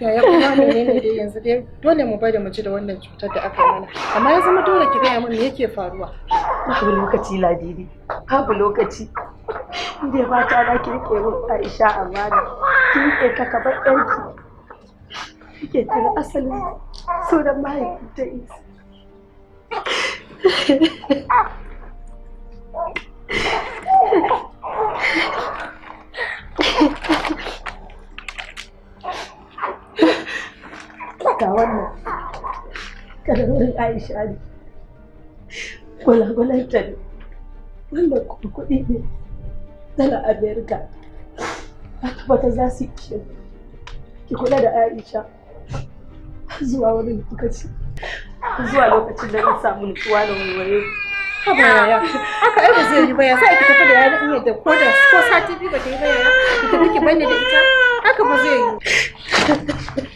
yaya kuma menene dai yanzu dai dole mu bari mu ji da wannan cutar da aka mana amma ya zama dole ki gaya mun me yake faruwa babu lokaci ladidi babu lokaci inda ba ta da ke rike mun Aisha amana ki rike ta ka bar ɗanki ta tare asalin sunan mahaifin ta isa Thank you. ga wannan kadarorin aisha ne gwalagwalanta ne wannan kuma kuɗi ne dala amerika a tabbata za su yi ki kula da aisha zuwa wani lokaci zuwa lokacin da na samu nutsuwa da wuri haba haka ba zai yi ba ya sai ki tafi da yana iya da ko da ko sati biyu ba ta yi ba yaya ki tafi ki bane da ita haka ba zai yi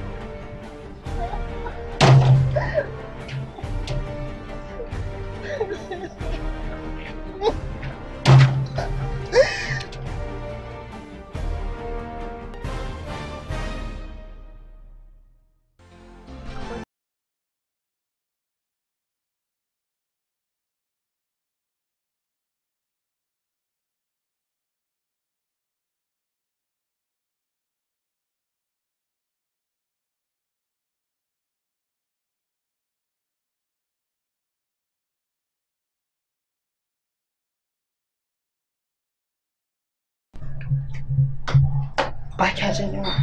ba kya jin yunwa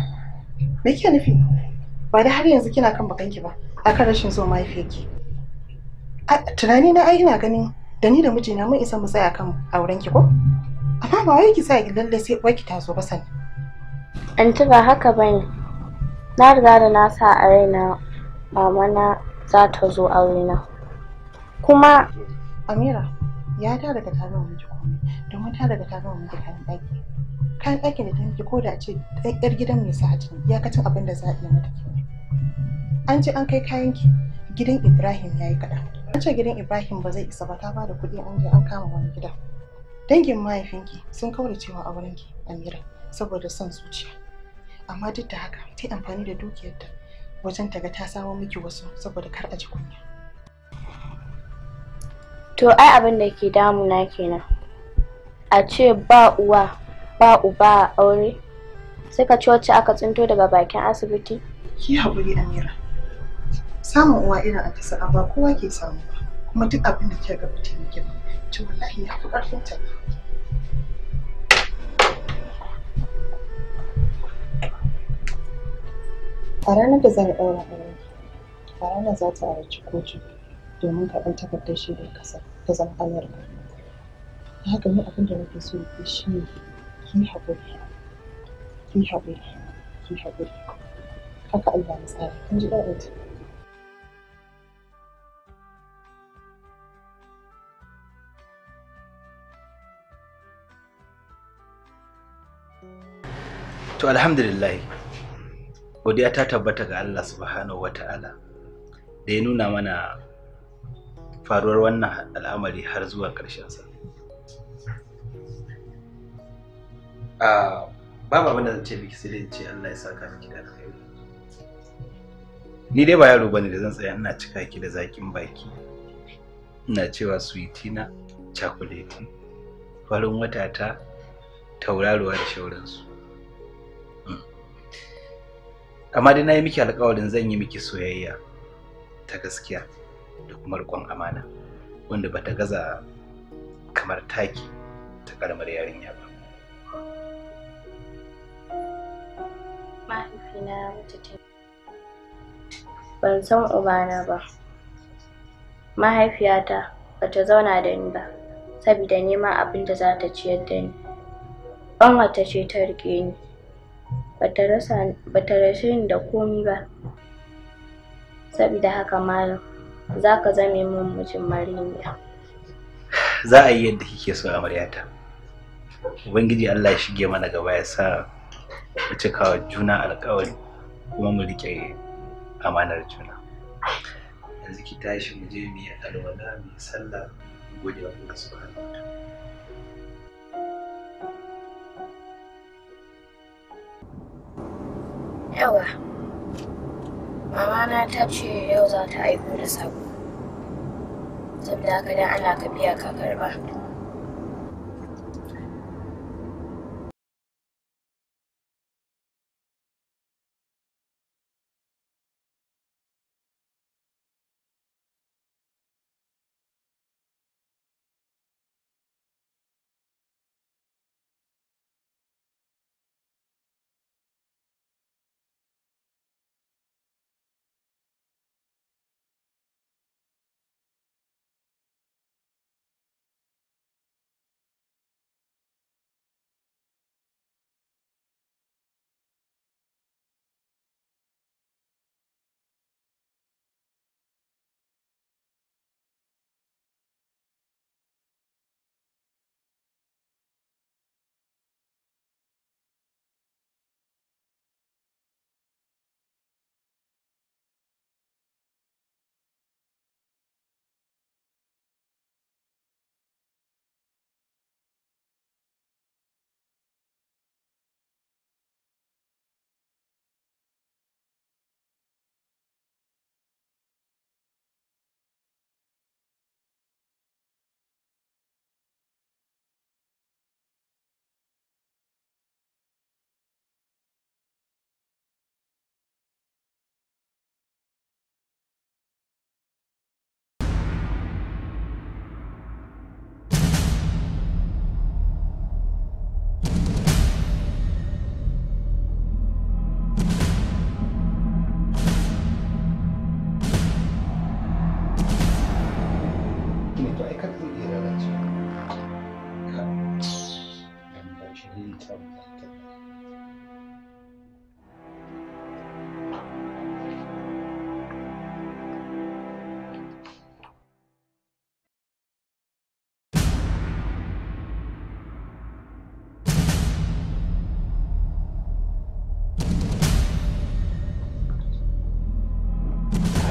me kike nufi ba da har yanzu kina kan bakanki ba akan rashin so mahaifiyarki tunani na ai ina ganin da ni da mijina mun isa mu tsaya kan auren ki ko amma ba wai ki tsaya ki lalle sai wai ki taso ba sani ci ba haka ba ne. na riga da na sa a raina mama na za ta zo aure na kuma amira ya ta daga ta gama miji komai domin wata daga ta gama miji kayan ɗaki kayan ɗakin da ta miki ko da ce ɗan gidan mai sa'ati ya iyakacin abin da za a iya mata kenan an ce an kai kayan ki gidan ibrahim ya yi kaɗan an ce gidan ibrahim ba zai isa ba ta bada kuɗi an je an kama wani gida dangin mahaifinki sun kaura cewa wurin ki amira saboda son zuciya amma duk da haka ta yi amfani da dukiyarta wajen ta ga ta samo miki wasu saboda kar a ji kunya to ai abin da ke damuna kenan a ce ba uwa ba uba a aure sai ka ci wacce aka tsinto daga bakin asibiti ki haƙuri amira samun uwa irin a kisa ba kowa ke samu ba kuma duk abin da ke ga ba ke ba to wallahi ya fi ƙarfin ta a ranar da zan ɗaura aure a ranar za ta arci kotu domin karɓar takardar da ƙasa ta zama amurka haka ne abin da nake so ya shi ne ki haƙuri ki haƙuri ki haƙuri haka Allah ya tsaya kin ji ɗaɗata To alhamdulillah godiya ta tabbata ga Allah subhanahu wa ta'ala da ya nuna mana faruwar wannan al'amari har zuwa ƙarshen sa. Ah, ba abin da zan ce biki sai dai ce Allah ya saka miki da alheri ni dai ba yaro bane da zan tsaya ina cika ki da zakin baki ina cewa sweetie na chocolate farin wata ta tauraruwa da shauransu hmm. amma dai na yi miki alkawarin zan yi miki soyayya ta gaskiya da kuma riƙon amana wanda bata gaza kamar taki ta ƙaramar yarinya ba mahaifina ya mutu tun ban san ubana ba mahaifiyata bata zauna da ni ba saboda neman abin da za ta ciyar da ni ƙanwata ce ta riƙe ni bata rashe ni da komi ba saboda haka malam za ka zame min mijin mariniya za a yi yadda kike so amaryata ubangiji allah ya shige mana gaba ya sa mu cika juna alkawari kuma mu riƙe amanar juna yanzu ki tashi mu je mu yi alwala mu yi sallah mu gode wa Allah subhanahu wa ta'ala yawa mamana ta ce yau za ta aiko da sabo saboda haka dan ana ka biya ka karba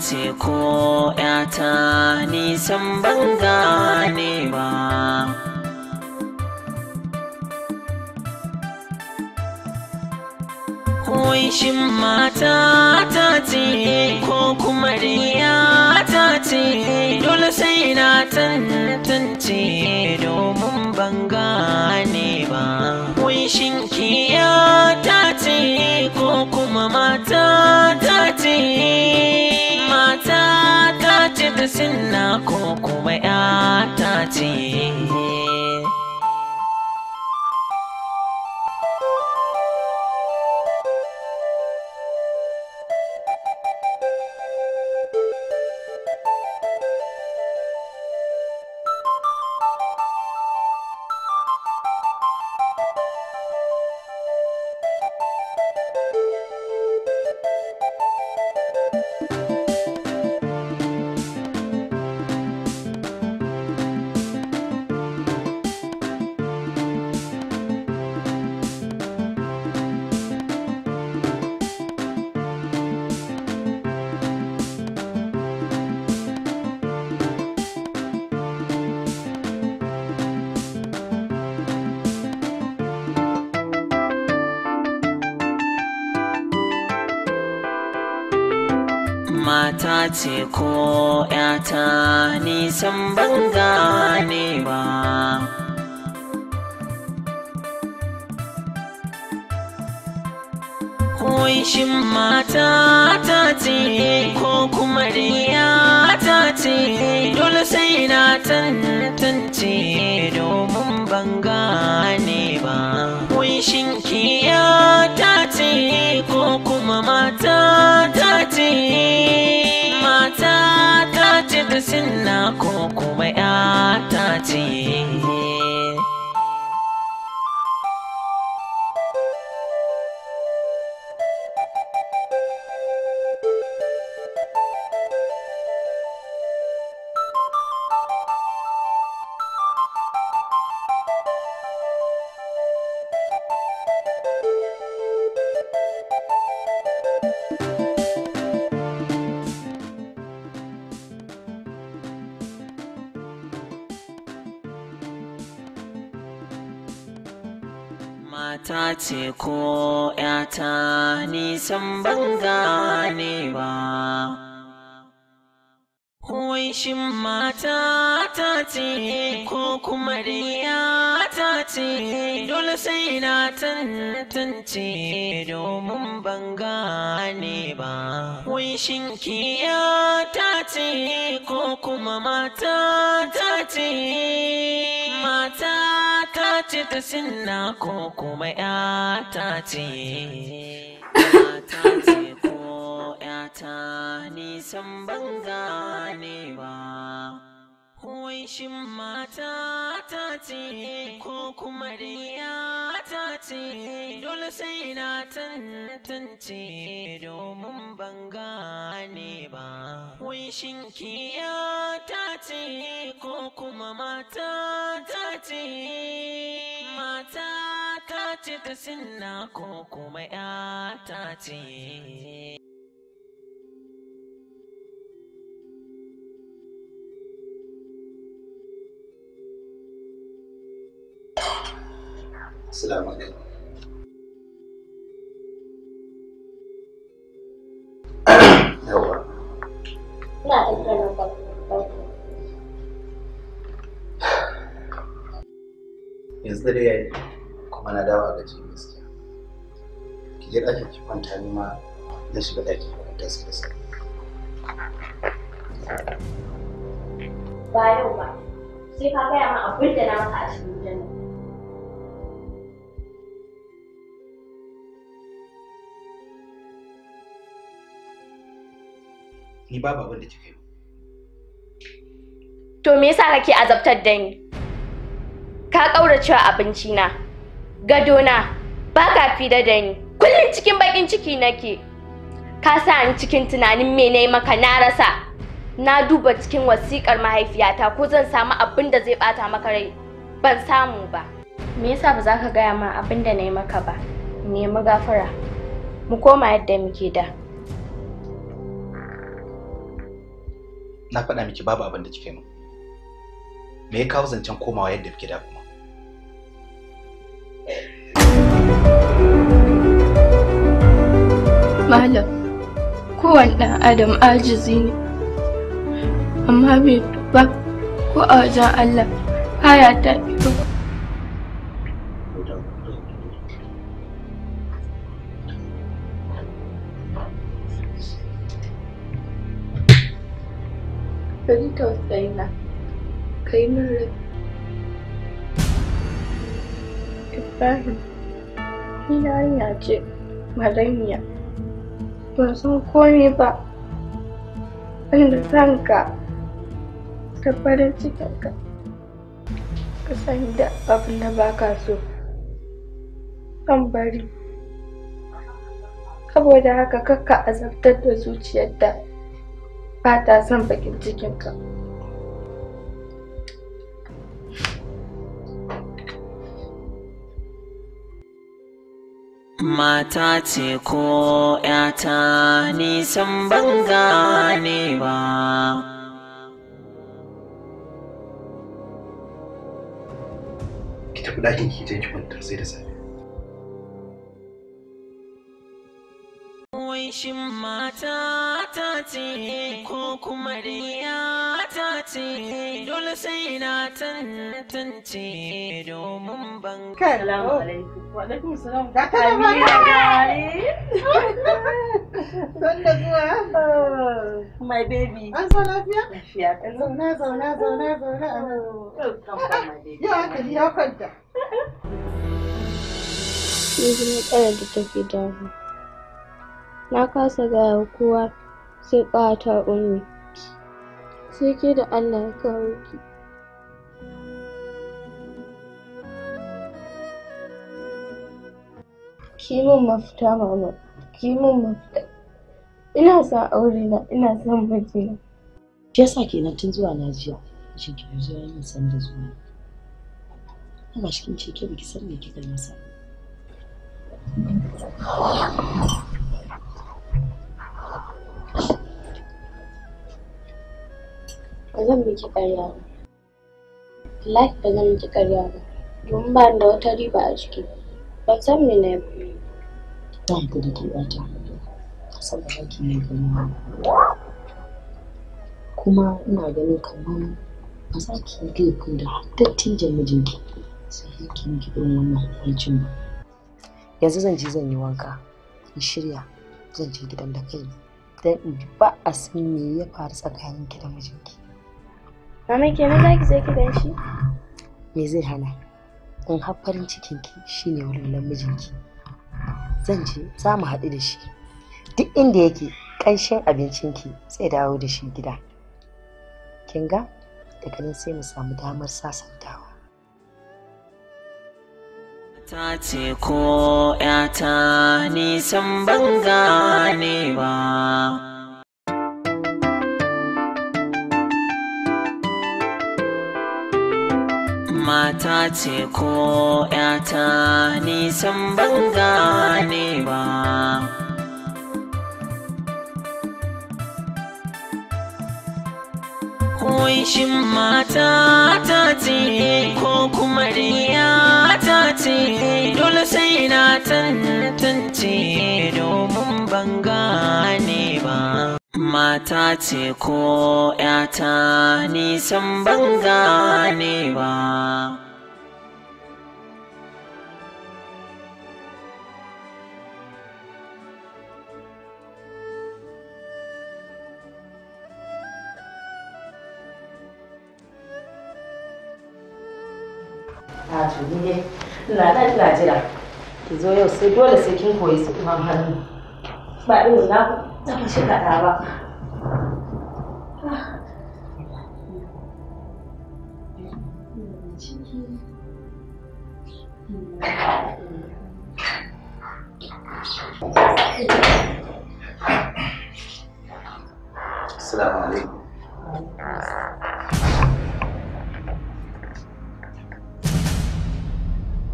ce ko ‘yata nisan ban gane ba. Waishin mata ta ce ko kuma riya ta ce dole sai na tantance domin ban gane ba. Waishin kiya ta ce ko kuma mata ta ce ta sinna ko kuma 'ya ta ce ta ko ‘yata nisan ban gane ba. Kunshin mata ta ce ko kuma riya ta ce dole sai na tantance domin ban gane ba. Kunshin kiya ta ce ko kuma mata Hasina ko kuma 'ya tace ce ko ‘yata nisan ban gane ba. Wai shin mata ta ce ko kuma riya ta ce dole sai na tantance domin ban gane ba. Wai shin kiya ta ce ko kuma mata ta ce mata ta ce ta sinna ko kuma ya ta ce ko ya ta nisan ban gane ba wai shi mata ta ce ko kuma da ya ce dole sai na tantance domin ban gane ba. Wai shinkiya ta ce ko kuma mata ta ce. Mata ta ce ta sinna ko kuma ya ta ce. Assalamu alaikum. Yawa. Ina da yayi kuma na dawo a gaji gaskiya. Ki je ɗakin ki kwanta ni ma na shiga ɗakin kwanta sai da sai. Ba yau ba. Sai ka gaya ma abin da na maka a cikin gidan ni babu abin da kika yi to me yasa kake azabtar da ni ka kauracewa abinci na gado na ba ka fida da ni kullum cikin bakin ciki nake ka sa ni cikin tunanin me nayi maka na rasa na duba cikin wasikar mahaifiyata ko zan samu abin da zai bata maka rai ban samu ba me yasa ba za ka gaya ma abin da nayi maka ba nemi gafara mu koma yadda muke da na faɗa miki babu abin da kike min me ya kawo zancen komawa yadda kike da kuma malam kowane ɗan adam ajizi ne amma bai ba ko a wajen allah haya ta ba Ka ji tausayina, ka yi min rai. Ibrahim, ni yarinya ce, maraniya. Ban san komai ba, wanda ranka da farin cikinka. Ka sani da abin da ba ka so, zan bari. Saboda haka kakka azabtar da zuciyar da. ba ta son bakin cikinka Mata ce ko ‘yata nisan ban gane ba. Ki tafi ɗakin ki je ki kwanta sai da safe. wai shin mata ta ce ko kuma riya ta ce dole sai na tantance domin ban kai alaikum wa alaikum salam ga ta da da zuwa my baby an lafiya lafiya zauna zauna zauna zauna oh, oh, a nan yau ya kwanta da tafi dawo. na kasa gaya kowa sai ƙawata ummi sai ke da allah ya kawo ki ki min mafita mama ki min mafita ina son aure na ina son na. shi yasa kenan tun zuwa Najeriya. jiya shin ki zo yin san da zuwa Allah shi kin ce ke biki san me kika masa ba zan miki ƙarya ba wallahi ba zan miki ƙarya ba domin ba da wata riba a ciki ban san me na yi ba ku da tabbata saboda ki ne gani kuma ina ganin kamar ba za ki yi laifin da dattijan mijinki sai ki miki gidan wannan hukuncin ba yanzu zan je zan yi wanka in shirya zan je gidan da kai dan in ba a san me ya faru tsakaninki da mijinki Mama kenan za ki je ki ganshi. Me zai hana? In har farin cikin ki shine walwalar ki? Zan je za mu haɗu da shi. Duk inda yake abincin ki, zai dawo da shi gida. Kin ga? Daga nan sai mu samu damar sasantawa. ta ce ko 'yata nisan ban gane mata ce ko ‘yata nisan ban gane ba. Kunshin mata ta ce ko kuma riya ta ce dole sai na tantance domin ban gane ba. mata ce ko ‘yata nisan banga ne ba. A tuni ne, ina ɗan ina jira, ki zo yau sai dole sai kin koyi su kuma hannu. Ba irin na taɓa shi kaɗa ba.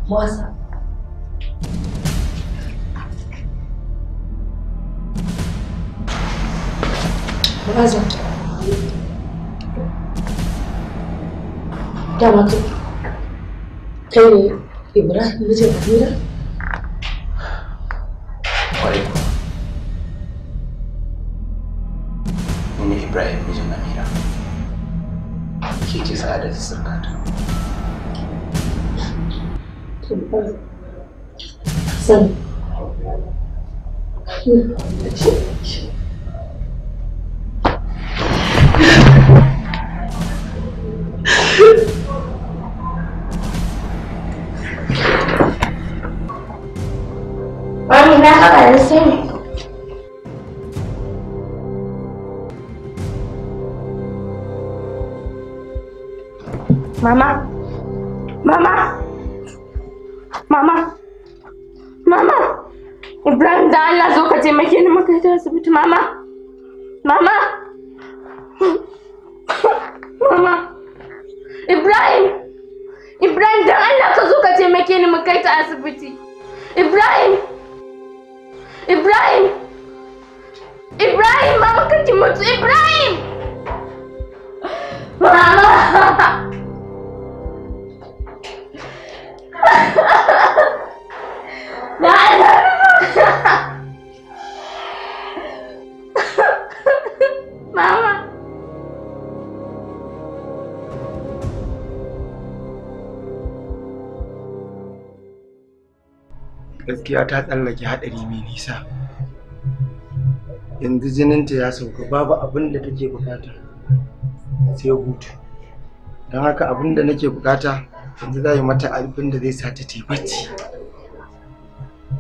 Muazzam. ba zan kira dama kai kai ne ibrahim mijin amira ne ibrahim mijin amira ke ce Sen. Mama. Mama. Mama. Mama. Ibrahim da Allah zo ka taimake ni muka ta asibiti mama. Mama. Mama. Ibrahim. Ibrahim dan Allah ka zo ka taimake ni mu kai ta asibiti. Ibrahim. Ibrahim. Ibrahim mama kake mutu Ibrahim. Mama. gaskiya ta tsallake haɗari mai nisa yanzu jininta ya sauka babu abin da take bukata sai hutu don haka abin da nake bukata yanzu za yi mata abin da zai sa ta ta bacci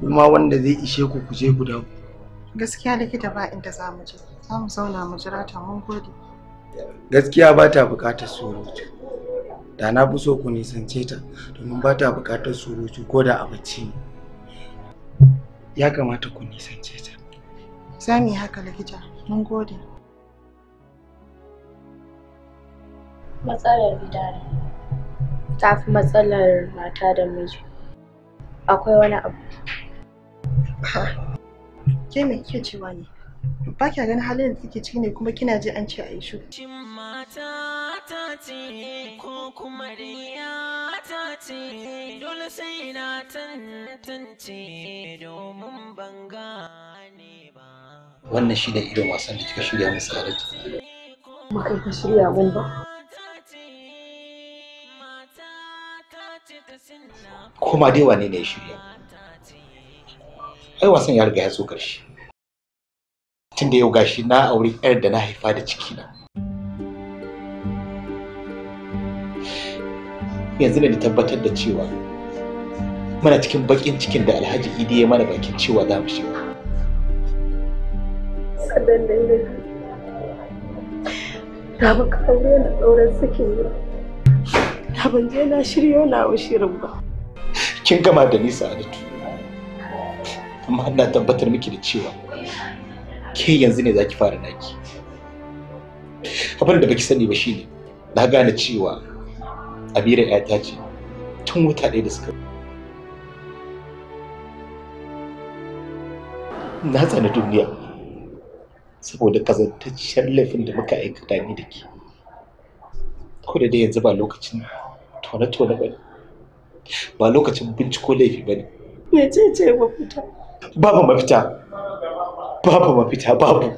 kuma wanda zai ishe ku ku je guda gaskiya likita ba inda za mu je za mu zauna mu jira ta mun gode gaskiya ba ta buƙatar surutu da na fi so ku nisance ta domin ba ta buƙatar surutu ko da a bacci ya kamata ku nisance ta za mu yi haka likita mun gode matsalar gida ne ta fi matsalar mata da miji akwai wani abu ke me kike cewa ne ba kya ganin halin da kike ciki ne kuma kina ji an ce a yi shu ko kuma ta ce dole sai na tantance domin ban ba wannan shi da irin wasan da kika shirya masu halittu ba kai ka shirya mun ba koma dai wane ne ya shirya ai wasan ya riga ya zo karshe tun da yau gashi na auri yar da na haifa da ciki na yanzu da tabbatar da cewa muna cikin bakin cikin da alhaji idi ya mana bakin cewa za mu shiga sannan dai ta baka aure na ɗauran sakin ne ban je na shirya na shirin ba kin gama da ni sa'adatu amma ina tabbatar miki da cewa ke yanzu ne zaki fara naki abin da baki sani ba shine na gane cewa ya yata ce tun wata ɗaya da suka na tsana duniya saboda kazantaccen laifin da muka aikata ni da ke ko da dai yanzu ba lokacin tone-tone ba ne ba lokacin binciko laifi ba ne mecece mafita babu mafita babu mafita babu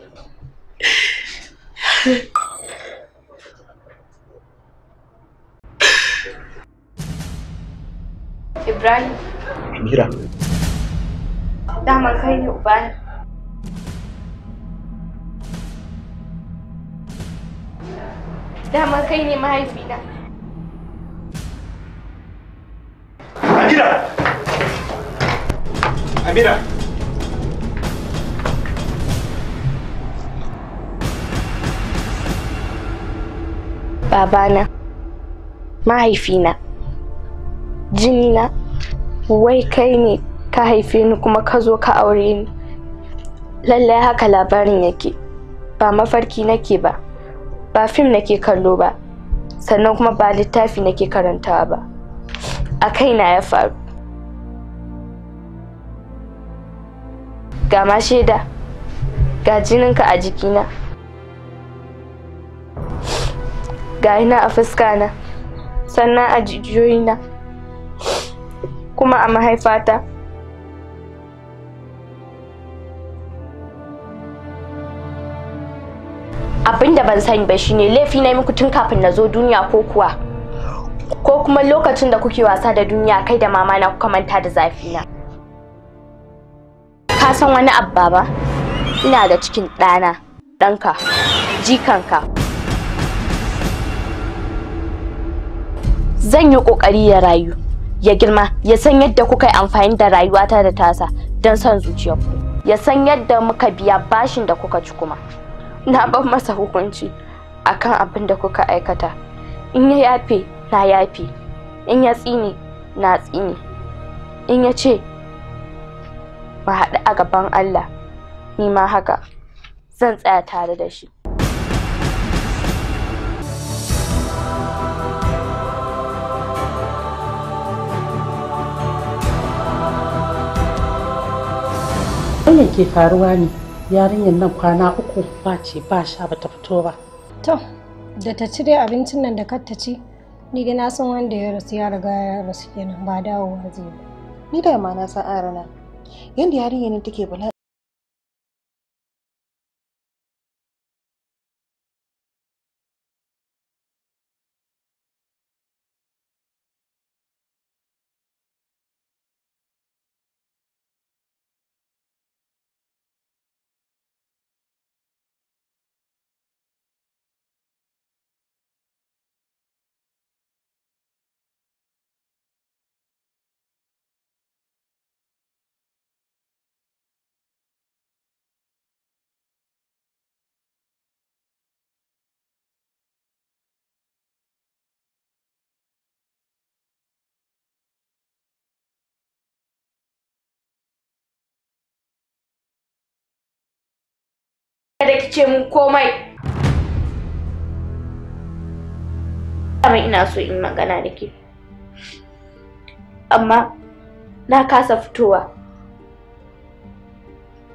Ibrahim. Amira. Daman kai ne ubana. Daman kai ne mahaifina. Amira! Amira! na mahaifina, jinina, wai kai ne ka haife ni kuma ka zo ka aure ni. Lallai haka labarin yake, ba mafarki nake ba, ba fim nake kallo ba, sannan kuma ba littafi nake karantawa ba. a kaina ya faru ga ma shaida ga jininka a jikina ga ina a fuskana sannan a jijiyoyina kuma a mahaifata abin ban sani ba shine laifi na muku tun kafin na zo duniya ko kuwa ko kuma lokacin da kuke wasa da duniya kai da mama na kuka manta da zafi na ka san wani abba ba ina da cikin ɗana ɗanka jikanka zan yi ƙoƙari ya rayu ya girma ya san yadda kuka yi amfani da rayuwata da tasa don son zuciyarku ya san yadda muka biya bashin da kuka ci kuma na ban masa hukunci akan abin da kuka aikata in ya yafe na yafi in ya tsini na tsini, in ya ce ba haɗu a gaban Allah ni ma haka zan tsaya tare da shi Wannan ke faruwa ne yarinyar nan kwana uku ba ce ba sha ba ta fito ba to da ta cire abincin nan da kar ta ci ni dai na wanda ya rasu ya riga ya rasu kenan ba dawowa zai ba ni da ma na san arana yanda yarinyar nan take bala kike mun komai amma ina so in magana da ke amma na kasa fitowa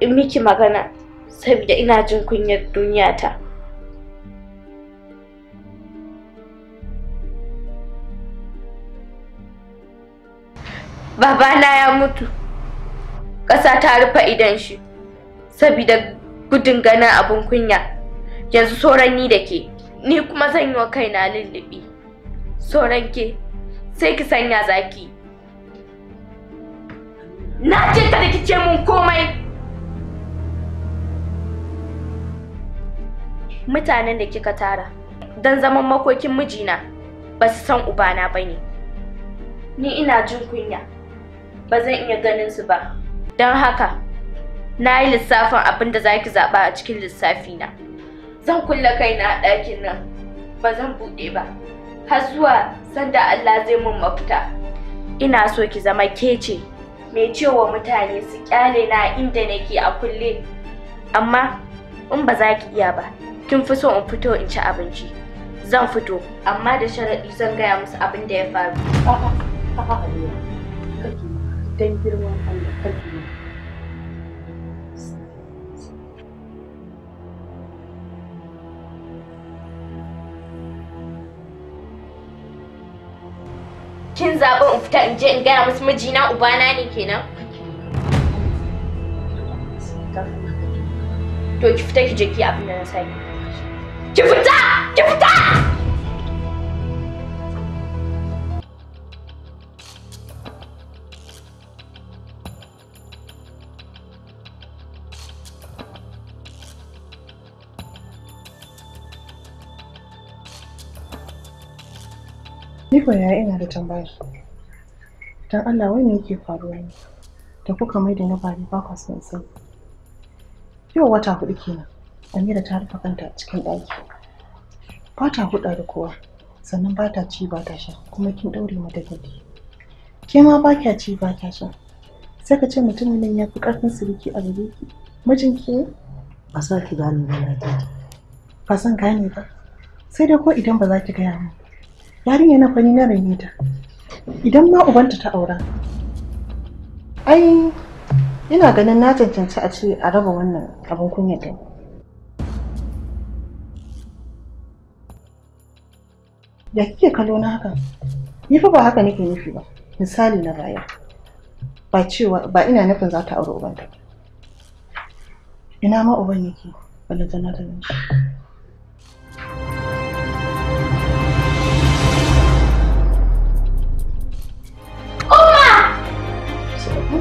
in miki magana saboda ina jin kunyar duniya ta babana ya mutu ƙasa ta rufe idan shi saboda gudun ganin abin kunya yanzu sauran ni da ke ni kuma zan yi wa kaina lullubi sauran ke sai ki sanya zaki na ce ka rikice mun komai mutanen da kika tara don zaman makokin mijina ba su san ubana ba ne ni ina jin kunya ba zan iya ganin su ba don haka na yi lissafin abin da zaki zaɓa a cikin lissafi na zan kulle kaina a ɗakin nan ba zan buɗe ba har zuwa sanda Allah zai mun mafita ina so ki zama kece mai cewa mutane su kyale na inda nake a kulle amma in ba za ki iya ba kin fi so in fito in ci abinci zan fito amma da sharaɗi zan gaya musu abin da ya faru dan girma kin zaɓi in fita in je in gaya musu mijina ubana ne kenan to ki fita ki je ki abin da na ki fita ki fita ko yaya ina da tambaya. Dan Allah wai me yake faruwa ne? Da kuka mai da na bari ba kwa son sai. Yau wata hudu kenan. Amira ta rufe kanta a cikin ɗaki. Ba ta huɗa da kowa, sannan ba ta ci ba ta sha, kuma kin ɗaure mata gadi. Ke ma ba kya ci ba ta sha. Sai ka ce mutumin nan ya fi ƙarfin siriki a gare ki. Mijinki Ba sa ki gane ba na Ba san gane ba. Sai dai ko idan ba za ki gaya min. yarinya na fani na raine ta idan ma ubanta ta aura ai ina ganin na cancanci a ce a raba wannan abin kunya din ya kike kallo na haka ni fa ba haka nake nufi ba misali na baya ba cewa ba ina nufin za ta aure ubanta ina ma uban yake wanda tana ta shi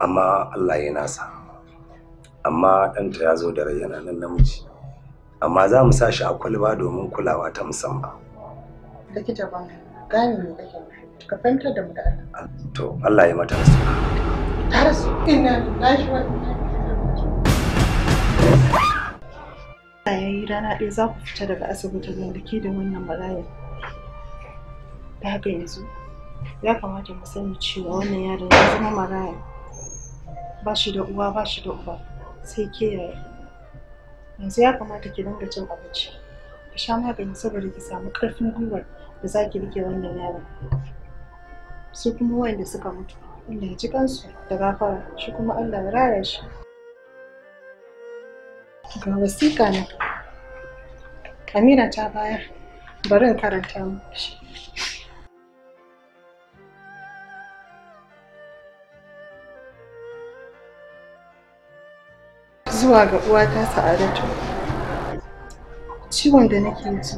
amma Allah ya nasa amma ɗanta ya zo da rai yana nan namiji amma za mu sa shi a kwalba domin kulawa ta musamman likita ba gane me kake ka fahimtar da mu da Allah to Allah ya mata rasu ta rasu ina lashi wa yayi rana ɗaya za ku fita daga asibitin nan da ke da wannan bala'in da haka yanzu ya kamata mu sani cewa wannan yaron ya zama maraya ba shi da uwa ba shi da uba sai ke yanzu ya kamata ki dinga cin abinci ki sha magani saboda ki samu karfin gwiwar da za ki rike wannan yaron su kuma wanda suka mutu Allah ya ji kansu da gafara shi kuma Allah ya raya shi ga wasiƙa na, Amina ta bayar bari in karanta mu zuwa ga uwata sa'adatu ciwon da nake ji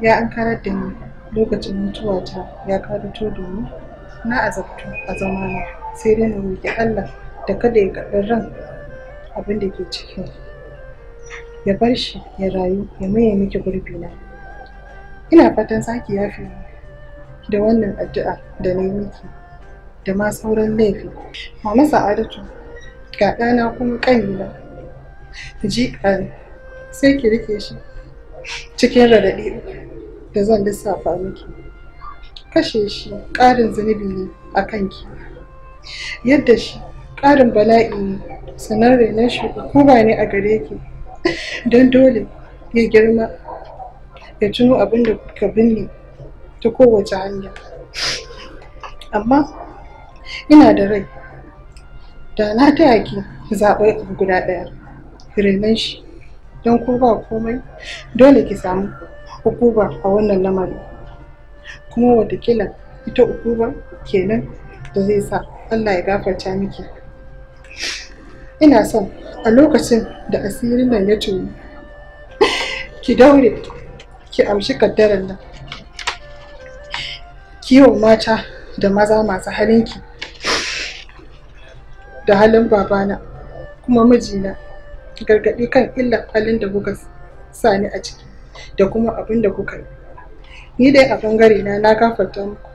ya an karar da ni lokacin mutuwata ya karato domin na azabtu a zamana sai dai na roƙi allah da kada ya karɓi ran abin da ke ciki ya bar shi ya rayu ya maye miki gurbina ina fatan zaki yafi da wannan addu'a da na yi miki da ma sauran laifi mama sa'adatu ga ɗana kuma ƙanina jika sai ki rike shi cikin raɗaɗi da zan lissafa miki kashe shi ƙarin zunubi ne a kanki yadda shi ƙarin bala'i ne sanar renon shi hukuma ne a gare ki don dole ya girma ya tuno abin da ka binne ta kowace hanya amma ina da rai da na taya ki zaɓi guda ɗaya direban shi don ko ba komai dole ki samu hukuba a wannan lamarin kuma watakila ita hukuba kenan da zai sa Allah ya gafarta miki ina son a lokacin da asirin nan ya tuni ki daure ki amshi kaddarar nan kiwon mata da maza masu halinki da halin babana kuma mijina gargaɗi kan illar halin da kuka sa ni a ciki da kuma abin da kuka yi ni dai a bangare na na gafarta muku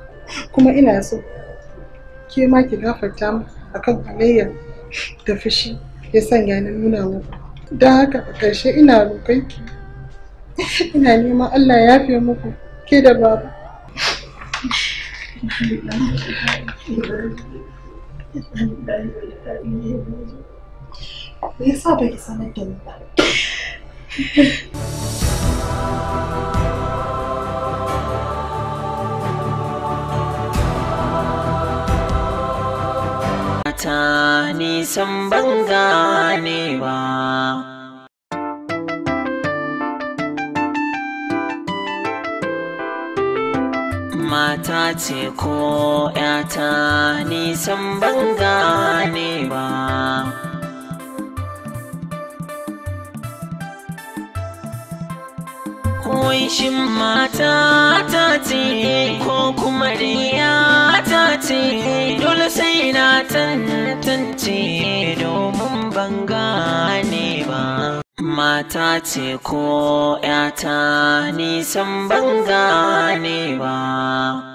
kuma ina so ke ma ki gafarta mu akan halayya da fushi ya sanya na nuna muku don haka a ƙarshe ina roƙon ki ina neman Allah ya fi muku ke da baba Thank you. yasa bai sanar da ni ta nisan ban gane Mata ce ko ‘yata nisan ban ne ba. wishin mata ta ce ko kuma riya ta ce dole sai na tantance domin ban gane ba mata ce ko 'yata nisan ban gane ba